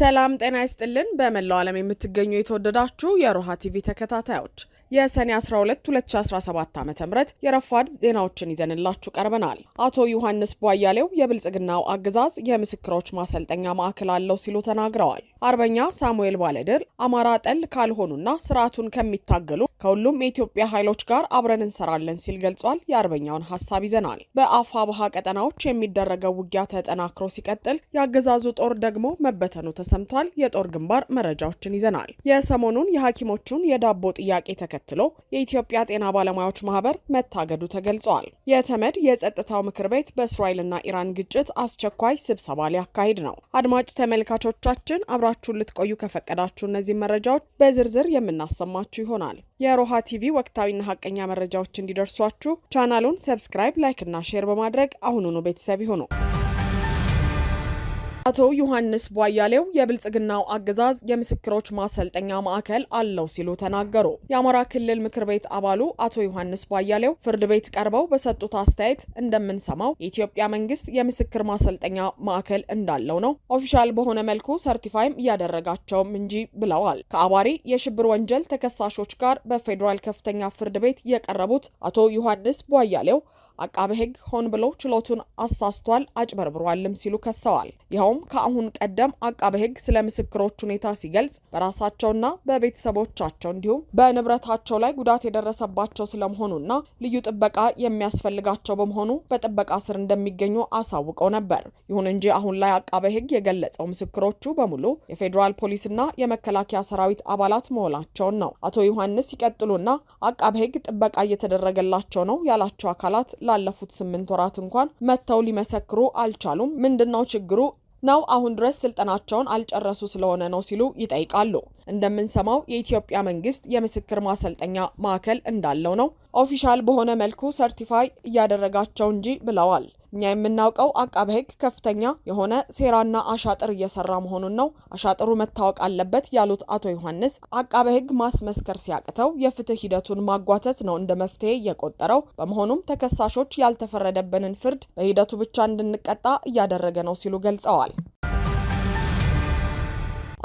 ሰላም ጤና ይስጥልን። በመላው ዓለም የምትገኙ የተወደዳችሁ የሮሃ ቲቪ ተከታታዮች የሰኔ 12 2017 ዓ ም የረፋድ ዜናዎችን ይዘንላችሁ ቀርበናል። አቶ ዮሐንስ ቧያሌው የብልጽግናው አገዛዝ የምስክሮች ማሰልጠኛ ማዕከል አለው ሲሉ ተናግረዋል። አርበኛ ሳሙኤል ባለድር፣ አማራ ጠል ካልሆኑና ስርዓቱን ከሚታገሉ ከሁሉም የኢትዮጵያ ኃይሎች ጋር አብረን እንሰራለን ሲል ገልጿል። የአርበኛውን ሀሳብ ይዘናል። በአፋ ባሃ ቀጠናዎች የሚደረገው ውጊያ ተጠናክሮ ሲቀጥል የአገዛዙ ጦር ደግሞ መበተኑ ተሰምቷል። የጦር ግንባር መረጃዎችን ይዘናል። የሰሞኑን የሐኪሞቹን የዳቦ ጥያቄ ተከ ተከትሎ የኢትዮጵያ ጤና ባለሙያዎች ማህበር መታገዱ ተገልጿል። የተመድ የጸጥታው ምክር ቤት በእስራኤልና ኢራን ግጭት አስቸኳይ ስብሰባ ሊያካሂድ ነው። አድማጭ ተመልካቾቻችን አብራችሁን ልትቆዩ ከፈቀዳችሁ እነዚህ መረጃዎች በዝርዝር የምናሰማችሁ ይሆናል። የሮሃ ቲቪ ወቅታዊና ሀቀኛ መረጃዎች እንዲደርሷችሁ ቻናሉን ሰብስክራይብ፣ ላይክ እና ሼር በማድረግ አሁኑኑ ቤተሰብ ይሁኑ። አቶ ዮሐንስ ቧያሌው የብልጽግናው አገዛዝ የምስክሮች ማሰልጠኛ ማዕከል አለው ሲሉ ተናገሩ። የአማራ ክልል ምክር ቤት አባሉ አቶ ዮሐንስ ቧያሌው ፍርድ ቤት ቀርበው በሰጡት አስተያየት እንደምንሰማው የኢትዮጵያ መንግስት የምስክር ማሰልጠኛ ማዕከል እንዳለው ነው፣ ኦፊሻል በሆነ መልኩ ሰርቲፋይም እያደረጋቸውም እንጂ ብለዋል። ከአባሪ የሽብር ወንጀል ተከሳሾች ጋር በፌዴራል ከፍተኛ ፍርድ ቤት የቀረቡት አቶ ዮሐንስ ቧያሌው አቃቤ ሕግ ሆን ብሎ ችሎቱን አሳስቷል፣ አጭበርብሯልም ሲሉ ከሰዋል። ይኸውም ከአሁን ቀደም አቃቤ ሕግ ስለ ምስክሮች ሁኔታ ሲገልጽ በራሳቸውና በቤተሰቦቻቸው እንዲሁም በንብረታቸው ላይ ጉዳት የደረሰባቸው ስለመሆኑና ልዩ ጥበቃ የሚያስፈልጋቸው በመሆኑ በጥበቃ ስር እንደሚገኙ አሳውቀው ነበር። ይሁን እንጂ አሁን ላይ አቃቤ ሕግ የገለጸው ምስክሮቹ በሙሉ የፌዴራል ፖሊስና የመከላከያ ሰራዊት አባላት መሆናቸውን ነው። አቶ ዮሐንስ ይቀጥሉና አቃቤ ሕግ ጥበቃ እየተደረገላቸው ነው ያላቸው አካላት ላለፉት ስምንት ወራት እንኳን መጥተው ሊመሰክሩ አልቻሉም። ምንድነው ችግሩ ነው አሁን ድረስ ስልጠናቸውን አልጨረሱ ስለሆነ ነው ሲሉ ይጠይቃሉ። እንደምንሰማው የኢትዮጵያ መንግስት የምስክር ማሰልጠኛ ማዕከል እንዳለው ነው ኦፊሻል በሆነ መልኩ ሰርቲፋይ እያደረጋቸው እንጂ ብለዋል። እኛ የምናውቀው አቃቤ ሕግ ከፍተኛ የሆነ ሴራና አሻጥር እየሰራ መሆኑን ነው። አሻጥሩ መታወቅ አለበት ያሉት አቶ ዮሐንስ አቃቤ ሕግ ማስመስከር ሲያቅተው የፍትህ ሂደቱን ማጓተት ነው እንደ መፍትሄ እየቆጠረው በመሆኑም ተከሳሾች ያልተፈረደብንን ፍርድ በሂደቱ ብቻ እንድንቀጣ እያደረገ ነው ሲሉ ገልጸዋል።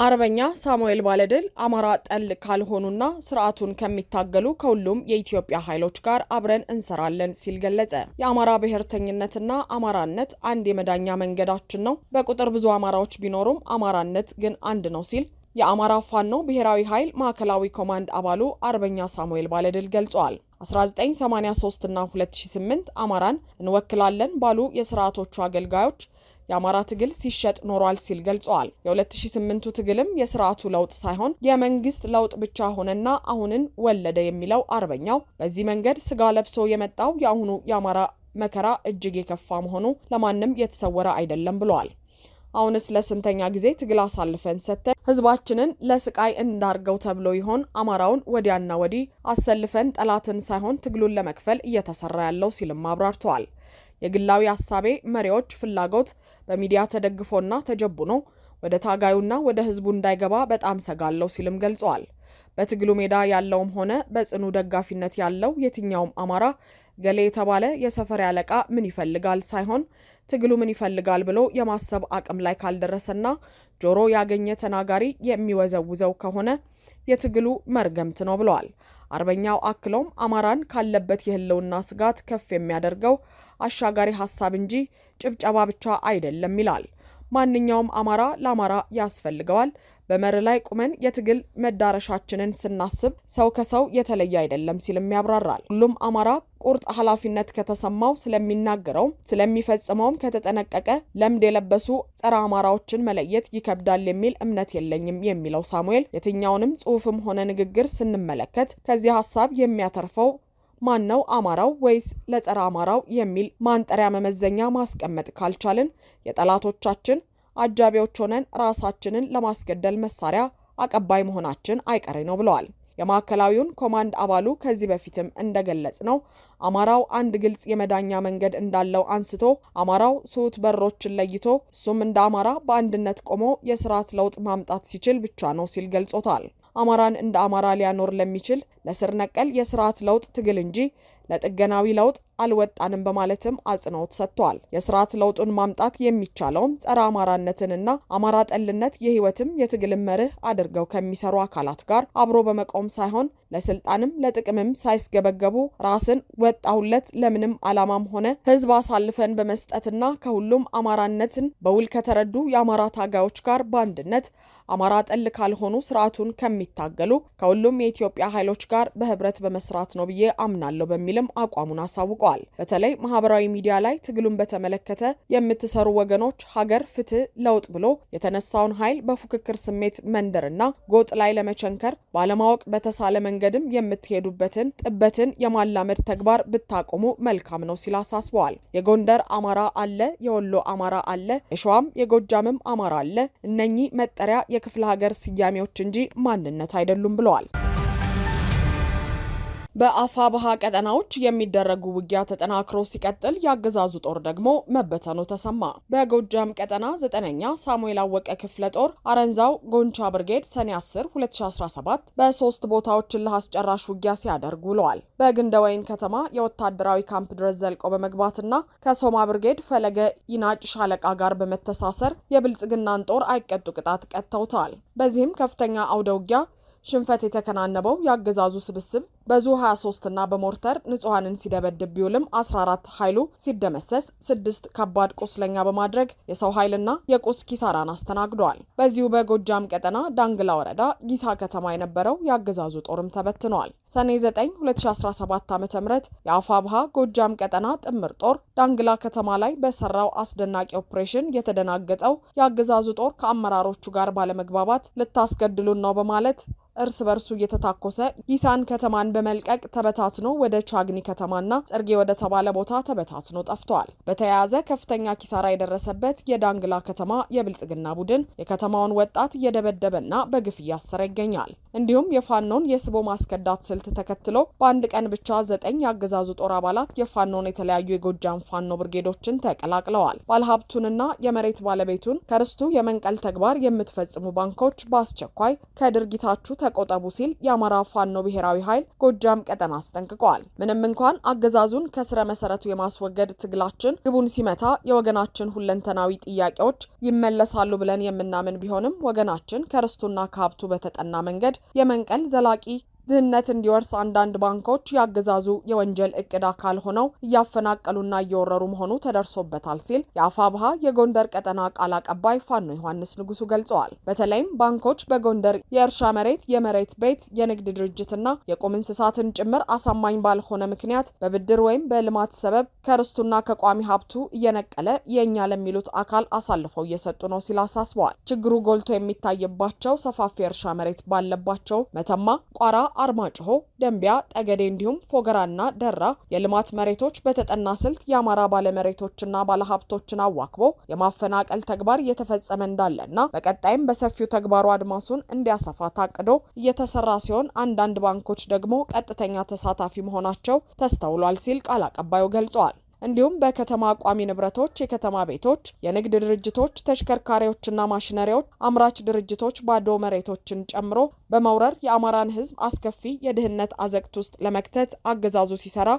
አርበኛ ሳሙኤል ባለድል አማራ ጠል ካልሆኑና ስርዓቱን ከሚታገሉ ከሁሉም የኢትዮጵያ ኃይሎች ጋር አብረን እንሰራለን ሲል ገለጸ። የአማራ ብሔርተኝነትና አማራነት አንድ የመዳኛ መንገዳችን ነው። በቁጥር ብዙ አማራዎች ቢኖሩም አማራነት ግን አንድ ነው ሲል የአማራ ፋኖ ብሔራዊ ኃይል ማዕከላዊ ኮማንድ አባሉ አርበኛ ሳሙኤል ባለድል ገልጿል። 1983 እና 2008 አማራን እንወክላለን ባሉ የስርዓቶቹ አገልጋዮች የአማራ ትግል ሲሸጥ ኖሯል ሲል ገልጸዋል። የ2008ቱ ትግልም የስርዓቱ ለውጥ ሳይሆን የመንግስት ለውጥ ብቻ ሆነና አሁንን ወለደ የሚለው አርበኛው በዚህ መንገድ ስጋ ለብሶ የመጣው የአሁኑ የአማራ መከራ እጅግ የከፋ መሆኑ ለማንም የተሰወረ አይደለም ብለዋል። አሁንስ ለስንተኛ ጊዜ ትግል አሳልፈን ሰጥተን ህዝባችንን ለስቃይ እንዳርገው ተብሎ ይሆን አማራውን ወዲያና ወዲህ አሰልፈን ጠላትን ሳይሆን ትግሉን ለመክፈል እየተሰራ ያለው ሲልም አብራርተዋል። የግላዊ ሀሳቤ መሪዎች ፍላጎት በሚዲያ ተደግፎና ተጀቡኖ ወደ ታጋዩና ወደ ህዝቡ እንዳይገባ በጣም ሰጋለው ሲልም ገልጸዋል። በትግሉ ሜዳ ያለውም ሆነ በጽኑ ደጋፊነት ያለው የትኛውም አማራ ገሌ የተባለ የሰፈር አለቃ ምን ይፈልጋል ሳይሆን ትግሉ ምን ይፈልጋል ብሎ የማሰብ አቅም ላይ ካልደረሰና ጆሮ ያገኘ ተናጋሪ የሚወዘውዘው ከሆነ የትግሉ መርገምት ነው ብለዋል። አርበኛው አክሎም አማራን ካለበት የህልውና ስጋት ከፍ የሚያደርገው አሻጋሪ ሀሳብ እንጂ ጭብጨባ ብቻ አይደለም ይላል። ማንኛውም አማራ ለአማራ ያስፈልገዋል። በመር ላይ ቁመን የትግል መዳረሻችንን ስናስብ ሰው ከሰው የተለየ አይደለም ሲልም ያብራራል። ሁሉም አማራ ቁርጥ ኃላፊነት ከተሰማው ስለሚናገረውም ስለሚፈጽመውም ከተጠነቀቀ ለምድ የለበሱ ጸረ አማራዎችን መለየት ይከብዳል የሚል እምነት የለኝም የሚለው ሳሙኤል የትኛውንም ጽሑፍም ሆነ ንግግር ስንመለከት ከዚህ ሀሳብ የሚያተርፈው ማን ነው አማራው ወይስ ለጸረ አማራው የሚል ማንጠሪያ መመዘኛ ማስቀመጥ ካልቻልን የጠላቶቻችን አጃቢዎች ሆነን ራሳችንን ለማስገደል መሳሪያ አቀባይ መሆናችን አይቀሬ ነው ብለዋል። የማዕከላዊውን ኮማንድ አባሉ ከዚህ በፊትም እንደገለጽ ነው አማራው አንድ ግልጽ የመዳኛ መንገድ እንዳለው አንስቶ አማራው ስውት በሮችን ለይቶ እሱም እንደ አማራ በአንድነት ቆሞ የስርዓት ለውጥ ማምጣት ሲችል ብቻ ነው ሲል ገልጾታል። አማራን እንደ አማራ ሊያኖር ለሚችል ለስር ነቀል የስርዓት ለውጥ ትግል እንጂ ለጥገናዊ ለውጥ አልወጣንም በማለትም አጽንኦት ሰጥተዋል። የስርዓት ለውጡን ማምጣት የሚቻለውም ጸረ አማራነትንና አማራ ጠልነት የህይወትም የትግልም መርህ አድርገው ከሚሰሩ አካላት ጋር አብሮ በመቆም ሳይሆን ለስልጣንም ለጥቅምም ሳይስገበገቡ ራስን ወጣሁለት ለምንም ዓላማም ሆነ ህዝብ አሳልፈን በመስጠትና ከሁሉም አማራነትን በውል ከተረዱ የአማራ ታጋዮች ጋር በአንድነት አማራ ጠል ካልሆኑ ስርዓቱን ከሚታገሉ ከሁሉም የኢትዮጵያ ኃይሎች ጋር በህብረት በመስራት ነው ብዬ አምናለሁ በሚልም አቋሙን አሳውቀዋል። ብለዋል። በተለይ ማህበራዊ ሚዲያ ላይ ትግሉን በተመለከተ የምትሰሩ ወገኖች ሀገር፣ ፍትህ፣ ለውጥ ብሎ የተነሳውን ኃይል በፉክክር ስሜት መንደርና ጎጥ ላይ ለመቸንከር ባለማወቅ በተሳለ መንገድም የምትሄዱበትን ጥበትን የማላመድ ተግባር ብታቆሙ መልካም ነው ሲል አሳስበዋል። የጎንደር አማራ አለ፣ የወሎ አማራ አለ፣ የሸዋም የጎጃምም አማራ አለ። እነኚህ መጠሪያ የክፍለ ሀገር ስያሜዎች እንጂ ማንነት አይደሉም ብለዋል። ባሃ ቀጠናዎች የሚደረጉ ውጊያ ተጠናክሮ ሲቀጥል የአገዛዙ ጦር ደግሞ መበተኑ ተሰማ። በጎጃም ቀጠና ዘጠነኛ ሳሙኤል አወቀ ክፍለ ጦር አረንዛው ጎንቻ ብርጌድ ሰኔ 10 2017 በሶስት ቦታዎች እልህ አስጨራሽ ውጊያ ሲያደርጉ ውለዋል። በግንደወይን ከተማ የወታደራዊ ካምፕ ድረስ ዘልቆ በመግባትና ከሶማ ብርጌድ ፈለገ ይናጭ ሻለቃ ጋር በመተሳሰር የብልጽግናን ጦር አይቀጡ ቅጣት ቀጥተውታል። በዚህም ከፍተኛ አውደ ውጊያ ሽንፈት የተከናነበው የአገዛዙ ስብስብ በዙ 23 እና በሞርተር ንጹሐንን ሲደበድብ ቢውልም 14 ኃይሉ ሲደመሰስ ስድስት ከባድ ቁስለኛ በማድረግ የሰው ኃይልና የቁስ ኪሳራን አስተናግደዋል። በዚሁ በጎጃም ቀጠና ዳንግላ ወረዳ ጊሳ ከተማ የነበረው የአገዛዙ ጦርም ተበትነዋል። ሰኔ 9 2017 ዓ ም የአፋብሃ ጎጃም ቀጠና ጥምር ጦር ዳንግላ ከተማ ላይ በሰራው አስደናቂ ኦፕሬሽን የተደናገጠው የአገዛዙ ጦር ከአመራሮቹ ጋር ባለመግባባት ልታስገድሉን ነው በማለት እርስ በርሱ እየተታኮሰ ጊሳን ከተማን በመልቀቅ ተበታትኖ ወደ ቻግኒ ከተማና ጸርጌ ወደ ተባለ ቦታ ተበታትኖ ጠፍቷል። በተያያዘ ከፍተኛ ኪሳራ የደረሰበት የዳንግላ ከተማ የብልጽግና ቡድን የከተማውን ወጣት እየደበደበና በግፍ እያሰረ ይገኛል። እንዲሁም የፋኖን የስቦ ማስከዳት ስልት ተከትሎ በአንድ ቀን ብቻ ዘጠኝ የአገዛዙ ጦር አባላት የፋኖን የተለያዩ የጎጃም ፋኖ ብርጌዶችን ተቀላቅለዋል። ባለሀብቱንና የመሬት ባለቤቱን ከርስቱ የመንቀል ተግባር የምትፈጽሙ ባንኮች በአስቸኳይ ከድርጊታችሁ ተቆጠቡ ሲል የአማራ ፋኖ ብሔራዊ ኃይል ጎጃም ቀጠና አስጠንቅቀዋል። ምንም እንኳን አገዛዙን ከስረ መሰረቱ የማስወገድ ትግላችን ግቡን ሲመታ የወገናችን ሁለንተናዊ ጥያቄዎች ይመለሳሉ ብለን የምናምን ቢሆንም ወገናችን ከርስቱና ከሀብቱ በተጠና መንገድ የመንቀል ዘላቂ ድህነት እንዲወርስ አንዳንድ ባንኮች የአገዛዙ የወንጀል እቅድ አካል ሆነው እያፈናቀሉና እየወረሩ መሆኑ ተደርሶበታል ሲል የአፋብሃ የጎንደር ቀጠና ቃል አቀባይ ፋኖ ዮሐንስ ንጉሱ ገልጸዋል። በተለይም ባንኮች በጎንደር የእርሻ መሬት፣ የመሬት ቤት፣ የንግድ ድርጅትና የቁም እንስሳትን ጭምር አሳማኝ ባልሆነ ምክንያት በብድር ወይም በልማት ሰበብ ከርስቱና ከቋሚ ሀብቱ እየነቀለ የእኛ ለሚሉት አካል አሳልፈው እየሰጡ ነው ሲል አሳስበዋል። ችግሩ ጎልቶ የሚታይባቸው ሰፋፊ የእርሻ መሬት ባለባቸው መተማ፣ ቋራ አርማጭሆ፣ ደንቢያ፣ ጠገዴ እንዲሁም ፎገራና ደራ የልማት መሬቶች በተጠና ስልት የአማራ ባለመሬቶችና ባለሀብቶችን አዋክቦ የማፈናቀል ተግባር እየተፈጸመ እንዳለና በቀጣይም በሰፊው ተግባሩ አድማሱን እንዲያሰፋ ታቅዶ እየተሰራ ሲሆን አንዳንድ ባንኮች ደግሞ ቀጥተኛ ተሳታፊ መሆናቸው ተስተውሏል ሲል ቃል አቀባዩ ገልጸዋል። እንዲሁም በከተማ ቋሚ ንብረቶች፣ የከተማ ቤቶች፣ የንግድ ድርጅቶች፣ ተሽከርካሪዎችና ማሽነሪዎች አምራች ድርጅቶች ባዶ መሬቶችን ጨምሮ በመውረር የአማራን ሕዝብ አስከፊ የድህነት አዘቅት ውስጥ ለመክተት አገዛዙ ሲሰራ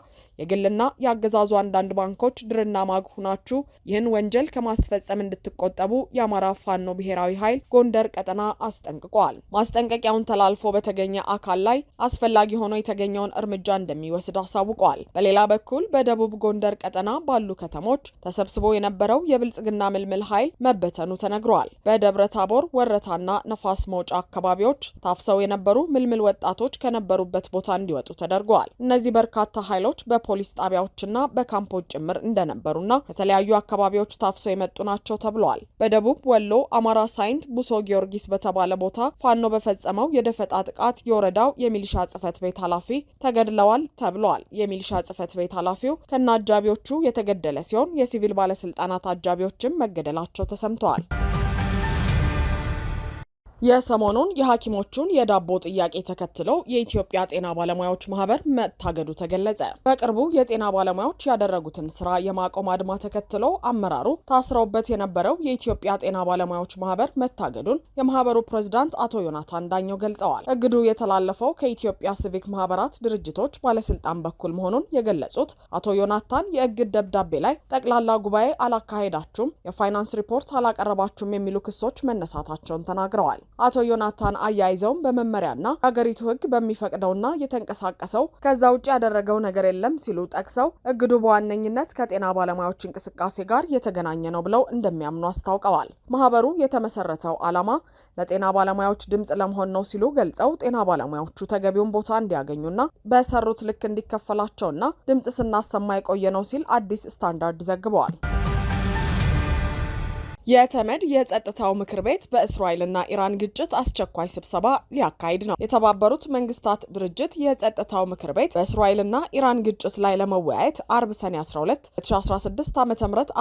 የግልና የአገዛዙ አንዳንድ ባንኮች ድርና ማግ ሁናችሁ ይህን ወንጀል ከማስፈጸም እንድትቆጠቡ የአማራ ፋኖ ብሔራዊ ኃይል ጎንደር ቀጠና አስጠንቅቋል። ማስጠንቀቂያውን ተላልፎ በተገኘ አካል ላይ አስፈላጊ ሆኖ የተገኘውን እርምጃ እንደሚወስድ አሳውቋል። በሌላ በኩል በደቡብ ጎንደር ቀጠና ቀጠና ባሉ ከተሞች ተሰብስቦ የነበረው የብልጽግና ምልምል ኃይል መበተኑ ተነግሯል። በደብረ ታቦር፣ ወረታና ነፋስ መውጫ አካባቢዎች ታፍሰው የነበሩ ምልምል ወጣቶች ከነበሩበት ቦታ እንዲወጡ ተደርገዋል። እነዚህ በርካታ ኃይሎች በፖሊስ ጣቢያዎችና በካምፖች ጭምር እንደነበሩና ከተለያዩ አካባቢዎች ታፍሰው የመጡ ናቸው ተብሏል። በደቡብ ወሎ አማራ ሳይንት ቡሶ ጊዮርጊስ በተባለ ቦታ ፋኖ በፈጸመው የደፈጣ ጥቃት የወረዳው የሚሊሻ ጽህፈት ቤት ኃላፊ ተገድለዋል ተብሏል። የሚሊሻ ጽህፈት ቤት ኃላፊው ከነ አጃቢዎች ከተዋጊዎቹ የተገደለ ሲሆን የሲቪል ባለስልጣናት አጃቢዎችም መገደላቸው ተሰምተዋል። የሰሞኑን የሐኪሞቹን የዳቦ ጥያቄ ተከትለው የኢትዮጵያ ጤና ባለሙያዎች ማህበር መታገዱ ተገለጸ። በቅርቡ የጤና ባለሙያዎች ያደረጉትን ስራ የማቆም አድማ ተከትሎ አመራሩ ታስረውበት የነበረው የኢትዮጵያ ጤና ባለሙያዎች ማህበር መታገዱን የማህበሩ ፕሬዝዳንት አቶ ዮናታን ዳኘው ገልጸዋል። እግዱ የተላለፈው ከኢትዮጵያ ሲቪክ ማህበራት ድርጅቶች ባለስልጣን በኩል መሆኑን የገለጹት አቶ ዮናታን የእግድ ደብዳቤ ላይ ጠቅላላ ጉባኤ አላካሄዳችሁም፣ የፋይናንስ ሪፖርት አላቀረባችሁም የሚሉ ክሶች መነሳታቸውን ተናግረዋል። አቶ ዮናታን አያይዘውም በመመሪያና የአገሪቱ ህግ በሚፈቅደውና የተንቀሳቀሰው ከዛ ውጭ ያደረገው ነገር የለም ሲሉ ጠቅሰው እግዱ በዋነኝነት ከጤና ባለሙያዎች እንቅስቃሴ ጋር የተገናኘ ነው ብለው እንደሚያምኑ አስታውቀዋል። ማህበሩ የተመሰረተው ዓላማ ለጤና ባለሙያዎች ድምፅ ለመሆን ነው ሲሉ ገልጸው ጤና ባለሙያዎቹ ተገቢውን ቦታ እንዲያገኙና በሰሩት ልክ እንዲከፈላቸውና ድምፅ ስናሰማ የቆየ ነው ሲል አዲስ ስታንዳርድ ዘግበዋል። የተመድ የጸጥታው ምክር ቤት በእስራኤልና ኢራን ግጭት አስቸኳይ ስብሰባ ሊያካሂድ ነው። የተባበሩት መንግስታት ድርጅት የጸጥታው ምክር ቤት በእስራኤልና ኢራን ግጭት ላይ ለመወያየት አርብ ሰኔ 12 2016 ዓ ም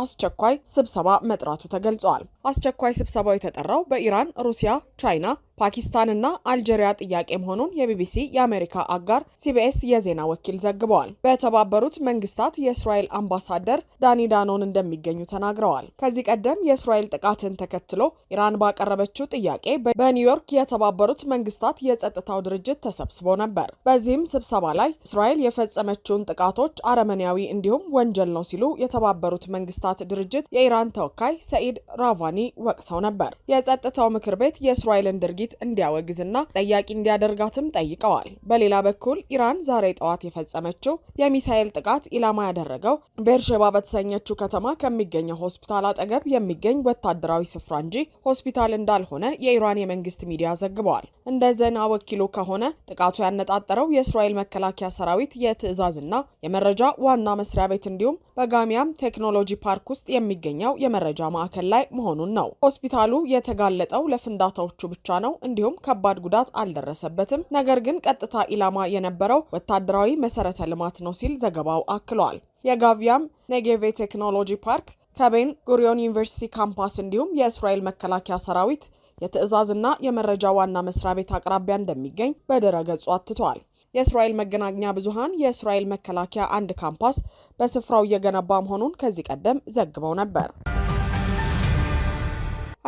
አስቸኳይ ስብሰባ መጥራቱ ተገልጿል። አስቸኳይ ስብሰባው የተጠራው በኢራን፣ ሩሲያ፣ ቻይና ፓኪስታንና አልጄሪያ ጥያቄ መሆኑን የቢቢሲ የአሜሪካ አጋር ሲቢኤስ የዜና ወኪል ዘግበዋል። በተባበሩት መንግስታት የእስራኤል አምባሳደር ዳኒ ዳኖን እንደሚገኙ ተናግረዋል። ከዚህ ቀደም የእስራኤል ጥቃትን ተከትሎ ኢራን ባቀረበችው ጥያቄ በኒውዮርክ የተባበሩት መንግስታት የጸጥታው ድርጅት ተሰብስቦ ነበር። በዚህም ስብሰባ ላይ እስራኤል የፈጸመችውን ጥቃቶች አረመኔያዊ እንዲሁም ወንጀል ነው ሲሉ የተባበሩት መንግስታት ድርጅት የኢራን ተወካይ ሰኢድ ራቫኒ ወቅሰው ነበር። የጸጥታው ምክር ቤት የእስራኤልን ድርጊት እንዲያወግዝና ጠያቂ እንዲያደርጋትም ጠይቀዋል። በሌላ በኩል ኢራን ዛሬ ጠዋት የፈጸመችው የሚሳኤል ጥቃት ኢላማ ያደረገው ቤርሼባ በተሰኘችው ከተማ ከሚገኘው ሆስፒታል አጠገብ የሚገኝ ወታደራዊ ስፍራ እንጂ ሆስፒታል እንዳልሆነ የኢራን የመንግስት ሚዲያ ዘግበዋል። እንደ ዜና ወኪሉ ከሆነ ጥቃቱ ያነጣጠረው የእስራኤል መከላከያ ሰራዊት የትዕዛዝና የመረጃ ዋና መስሪያ ቤት እንዲሁም በጋሚያም ቴክኖሎጂ ፓርክ ውስጥ የሚገኘው የመረጃ ማዕከል ላይ መሆኑን ነው። ሆስፒታሉ የተጋለጠው ለፍንዳታዎቹ ብቻ ነው። እንዲሁም ከባድ ጉዳት አልደረሰበትም። ነገር ግን ቀጥታ ኢላማ የነበረው ወታደራዊ መሰረተ ልማት ነው ሲል ዘገባው አክሏል። የጋቪያም ኔጌቬ ቴክኖሎጂ ፓርክ ከቤን ጉሪዮን ዩኒቨርሲቲ ካምፓስ እንዲሁም የእስራኤል መከላከያ ሰራዊት የትዕዛዝና የመረጃ ዋና መስሪያ ቤት አቅራቢያ እንደሚገኝ በድረገጹ አትቷል። የእስራኤል መገናኛ ብዙሃን የእስራኤል መከላከያ አንድ ካምፓስ በስፍራው እየገነባ መሆኑን ከዚህ ቀደም ዘግበው ነበር።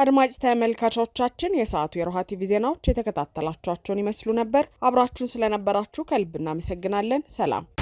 አድማጭ ተመልካቾቻችን የሰዓቱ የሮሃ ቲቪ ዜናዎች የተከታተላችኋቸውን ይመስሉ ነበር። አብራችሁን ስለነበራችሁ ከልብ እናመሰግናለን። ሰላም